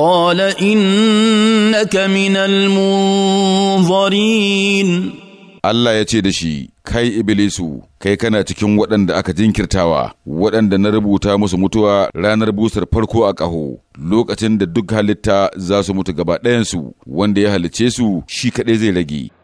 قال إنك من المنظرين Allah ya ce da shi, Kai Ibilisu, kai kana cikin waɗanda aka jinkirtawa, waɗanda na rubuta musu mutuwa ranar busar farko a ƙaho, lokacin da duk halitta za su mutu gaba ɗayansu, wanda ya halicce su shi kaɗai zai rage.